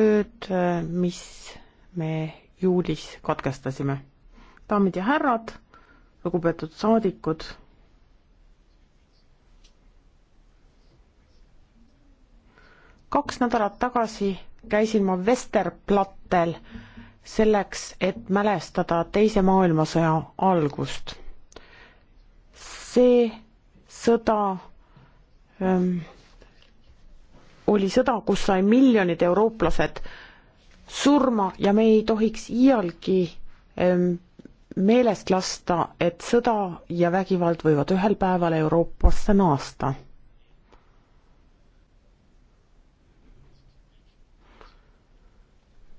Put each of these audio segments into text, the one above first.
ööd, mis me juulis katkestasime. daamid ja härrad, lugupeetud saadikud, kaks nädalat tagasi käisin ma Vesterplattel selleks, et mälestada Teise maailmasõja algust. see sõda ähm, oli sõda, kus sai miljonid eurooplased surma ja me ei tohiks iialgi ehm, meelest lasta, et sõda ja vägivald võivad ühel päeval Euroopasse naasta.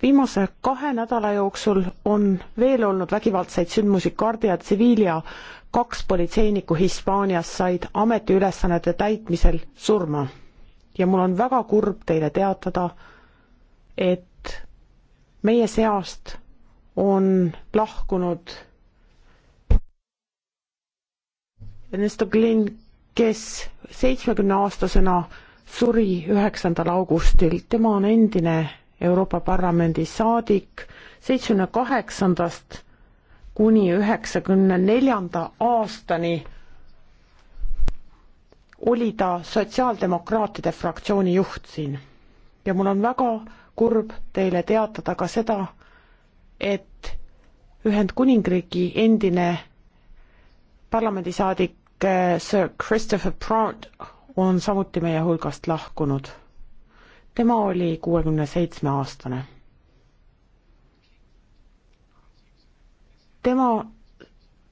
viimase kahe nädala jooksul on veel olnud vägivaldseid sündmusi, Guardia Civil ja kaks politseinikku Hispaanias said ametiülesannete täitmisel surma ja mul on väga kurb teile teatada, et meie seast on lahkunud Ernesto Glenn, kes seitsmekümne aastasena suri üheksandal augustil, tema on endine Euroopa Parlamendi saadik seitsmekümne kaheksandast kuni üheksakümne neljanda aastani oli ta sotsiaaldemokraatide fraktsiooni juht siin ja mul on väga kurb teile teatada ka seda, et Ühendkuningriigi endine parlamendisaadik eh, Sir Christopher Proud on samuti meie hulgast lahkunud. tema oli kuuekümne seitsme aastane. tema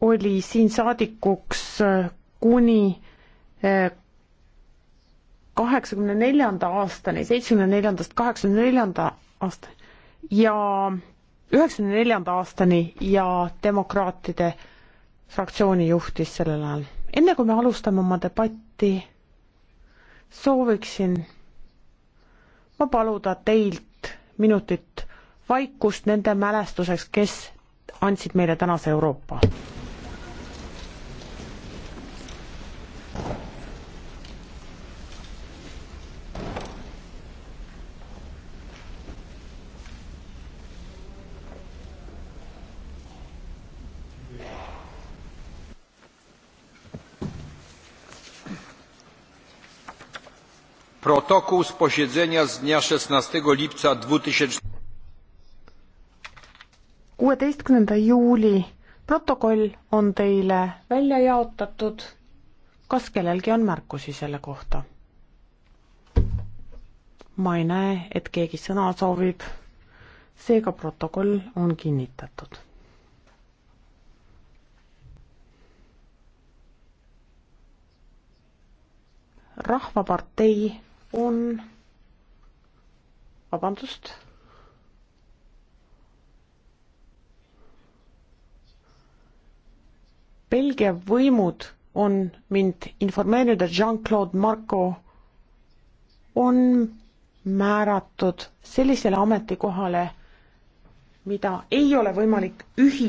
oli siin saadikuks eh, kuni eh, kaheksakümne neljanda aastani, seitsmekümne neljandast kaheksakümne neljanda aastani ja üheksakümne neljanda aastani ja demokraatide fraktsiooni juhtis sellel ajal. enne kui me alustame oma debatti, sooviksin ma paluda teilt minutit vaikust nende mälestuseks, kes andsid meile tänase Euroopa. Protokół z posiedzenia z dnia 16 lipca 2000 kuueteistkümnenda juuli protokoll on teile välja jaotatud. kas kellelgi on märkusi selle kohta? ma ei näe, et keegi sõna soovib. seega protokoll on kinnitatud. rahvapartei on, vabandust. Belgia võimud on mind informeerinud, et Jean-Claude Marco on määratud sellisele ametikohale, mida ei ole võimalik ühi-,